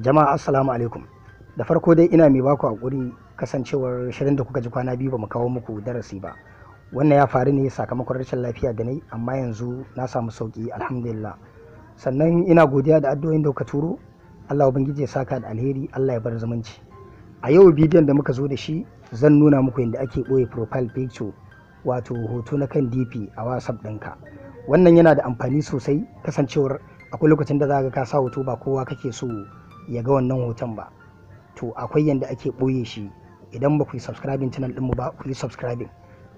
jama'a assalamu alaikum da farko dai ina mai baku hakuri kasancewar shirin da kuka ji kwana biyu ba mu kawo muku darasi ba wannan ya faru ne sakamakon rashin lafiya da nai amma yanzu na samu sauki alhamdulillah sannan ina godiya da addu'o'in da kuka turo Allah ubangiji ya saka da alheri Allah ya bar zumunci a yau bidiyon da muka zo da shi zan nuna muku yadda ake boye profile picture wato hoto na kan dp a whatsapp ɗinka wannan yana da amfani sosai kasancewar akwai lokacin da za ka sa hoto ba kowa kake so ya ga wannan hoton ba to akwai yadda ake ɓoye shi idan ba ku yi subscribing channel ɗinmu ba ku yi subscribing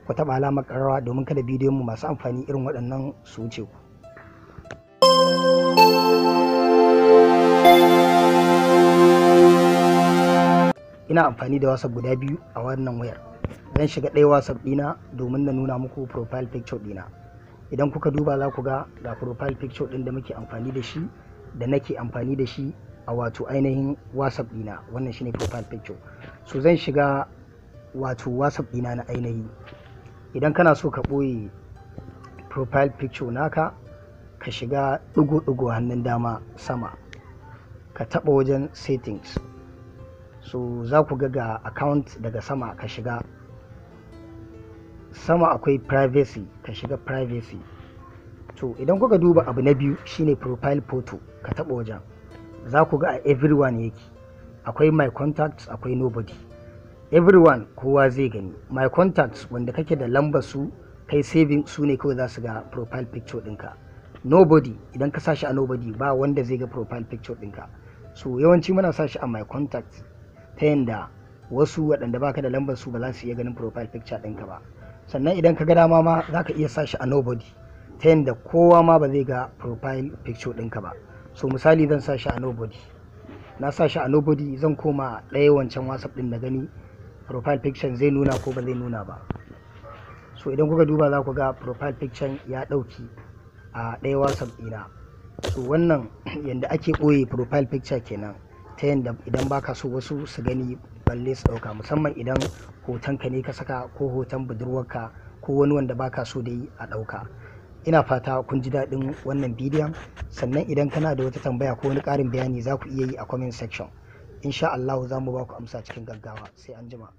ku taɓa alamar ƙararrawa domin kada bidiyon mu masu amfani irin waɗannan su wuce ku ina amfani da wasa guda biyu a wannan wayar zan shiga ɗaya whatsapp ɗina domin na nuna muku profile picture ɗina idan kuka duba za ku ga ga profile picture ɗin da muke amfani da shi da nake amfani da shi a wato ainihin whatsapp dina wannan shine profile picture so zan shiga wato whatsapp dina na ainihi idan kana so ka ɓoye profile picture naka ka shiga ɗigo-ɗigo hannun dama sama ka taɓa wajen settings so za ku ga ga account daga sama ka shiga sama akwai privacy ka shiga privacy to idan kuka duba abu na biyu shine profile photo ka taɓa wajen za ku ga a everyone yake akwai my contacts akwai nobody everyone kowa zai gani my contacts wanda kake da lambar su kai saving su ne kawai za su ga profile picture ɗinka nobody idan ka sa shi a nobody ba wanda zai ga profile picture ɗinka so yawanci muna sashi a my contacts ta yadda wasu waɗanda baka da lambar su ba za su iya ganin profile picture ɗinka ba sannan idan ka ga dama ma za ka iya sa shi a nobody ta yadda kowa ma ba zai ga profile picture ɗinka ba so misali zan sa shi a nobody na sa shi a nobody zan koma ɗaya wancan whatsapp ɗin na gani profile picture zai nuna ko ba zai nuna ba so idan kuka duba za ku ga profile picture ya ɗauki a ɗaya whatsapp ɗina so wannan yadda ake ɓoye profile picture kenan ta yadda idan baka so wasu su gani balle su ɗauka musamman idan hoton ka ne ka saka ko hoton budurwarka ko wani wanda baka so dai a ɗauka ina fata kun ji daɗin wannan bidiyon sannan idan kana da wata tambaya ko wani ƙarin bayani za ku iya yi a comment section insha Allah za mu ba ku amsa cikin gaggawa sai an jima